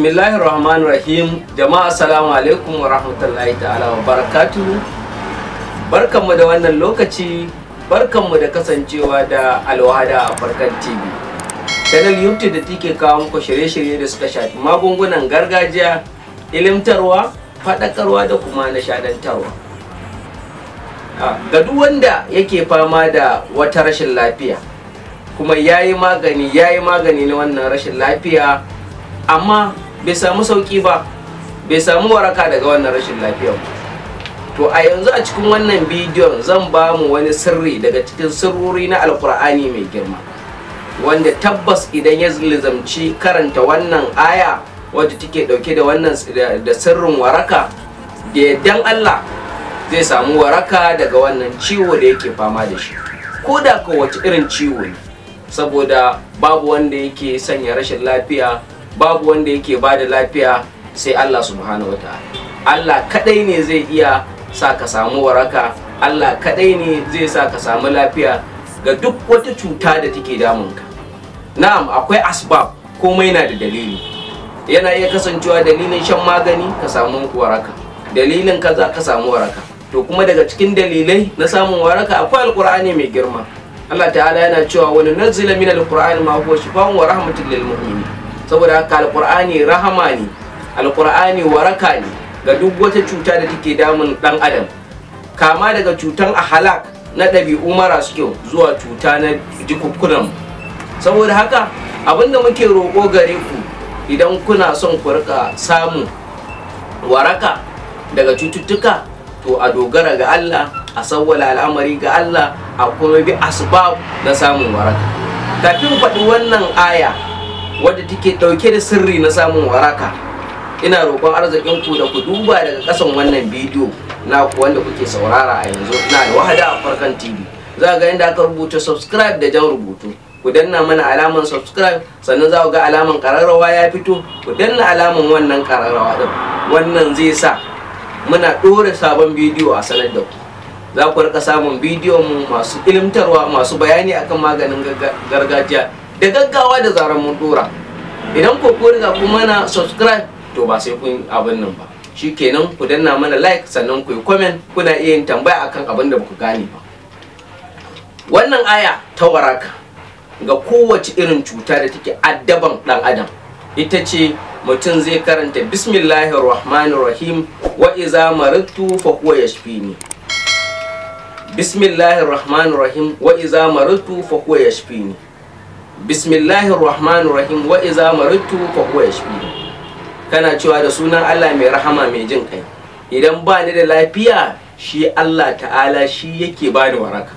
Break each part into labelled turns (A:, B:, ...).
A: bismillahir rahman rahim jama'a assalamu alaikum wa rahmatullahi ta'ala wa barakatuhu barkanmu da wannan lokaci barkanmu da kasancewa da alwahada a farkan tv channel youtube da take kawo muku shirye-shirye da suka shafi magungunan gargajiya ilimtarwa faɗakarwa da kuma nishadantarwa ah, ga duk wanda yake fama da wata rashin lafiya kuma ya yi magani ya yi magani na wannan rashin lafiya amma bai samu sauki ba bai samu waraka daga wannan rashin lafiyar to a yanzu a cikin wannan bidiyon zan ba mu wani sirri daga cikin sirruri na alkur'ani mai girma wanda tabbas idan ya lizamci karanta wannan aya wadda take dauke da wannan da sirrin waraka da yaddan Allah zai samu waraka daga wannan ciwo da yake fama da shi ko da ko wace irin ciwo ne saboda babu wanda yake sanya rashin lafiya babu wanda yake ba da lafiya sai Allah subhanahu wataala Allah kadai ne zai iya sa ka samu waraka Allah kadai ne zai sa ka samu lafiya ga duk wata cuta da take damunka na'am akwai asbab komai na da dalili yana iya kasancewa dalilin shan magani ka samu waraka dalilin kaza ka samu waraka to kuma daga cikin dalilai na samun waraka akwai alkur'ani mai girma Allah ta'ala yana cewa wani nazila min alkur'ani ma huwa shifa'un wa rahmatul lil mu'minin saboda haka alqur'ani rahama ne alqur'ani waraka ne ga duk wata cuta da take damun dan adam kama daga cutan ahalak na ɗabi'u marasu kyau zuwa cuta na jikukunan saboda haka abinda muke roƙo gare ku idan kuna son ku rika samun waraka daga cututtuka to a dogara ga Allah a sawwala al'amari ga Allah a kuma bi asbab na samun waraka kafin faɗi wannan aya wadda take dauke da sirri na samun waraka ina roƙon arzikin ku da ku duba daga ƙasan wannan bidiyo na ku wanda kuke saurara a yanzu na da wahada a farkan tv za ga inda aka rubuta subscribe da jan rubutu ku danna mana alaman subscribe sannan za ku ga alaman kararrawa ya fito ku danna alaman wannan kararrawa din wannan zai sa muna ɗora sabon bidiyo a sanar da ku za ku rika samun bidiyon mu masu ilimtarwa masu bayani akan maganin gargajiya da gaggawa da zarar mun dora idan ku ku riga ku mana subscribe to ba sai kun abin nan ba shikenan ku danna mana like sannan ku yi comment kuna iya yin tambaya akan abin da baku gane ba wannan aya ta waraka ga kowace irin cuta da take addaban dan adam ita ce mutum zai karanta bismillahir rahmanir rahim wa iza maridtu fa huwa yashfini bismillahir rahmanir rahim wa iza maridtu fa huwa yashfini bismillahir rahmanir rahim wa iza marittu fa huwa yashfi kana cewa da sunan Allah mai rahama mai jin kai idan ba ni da lafiya shi Allah ta'ala shi yake ba da waraka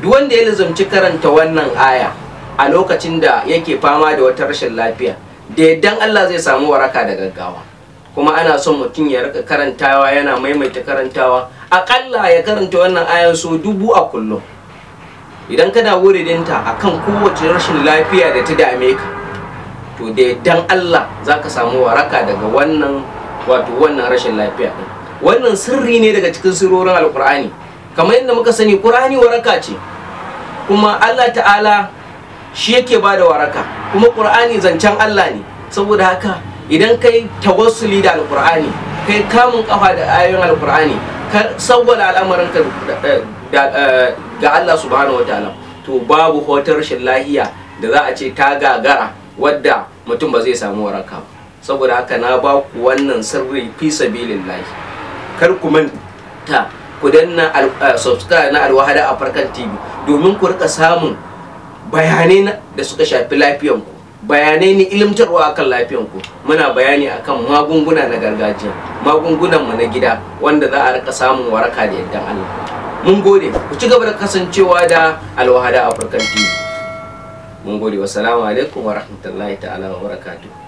A: duk wanda ya lizumci karanta wannan aya a lokacin da yake fama da wata rashin lafiya da yaddan Allah zai samu waraka da gaggawa kuma ana son mutum ya rika karantawa yana maimaita karantawa aƙalla ya karanta wannan ayan su dubu a kullum idan kana wuridinta akan kowace rashin lafiya da ta dame ka to da dan Allah za ka samu waraka daga wannan wato wannan rashin lafiya ɗin wannan sirri ne daga cikin sirorin alkur'ani kamar yadda muka sani kur'ani waraka ce kuma Allah ta'ala shi yake ba da waraka kuma ƙur'ani zancen Allah ne saboda haka idan kai tawassuli da alkur'ani kai kamun kafa da ayoyin alkur'ani ka sawwala al'amarin ka eh, ga Allah subhanahu wataala to babu hotar rashin lahiya da za a ce ta gagara wadda mutum ba zai samu waraka ba saboda haka na ba ku wannan sirri fi lahi kar ku manta ku danna eh, subscribe na alwahada a farkan tv domin ku rika samun bayanai da suka shafi lafiyar ku, bayanai ne ilimtarwa akan ku. muna bayani akan magunguna na gargajiya magungunan mu na gida wanda za a rika samun waraka da yaddan Allah mun gode ku ci gaba da kasancewa da alwahada african tv mun gode wasu alaikum wa rahmatullahi ta'ala wa barakatuh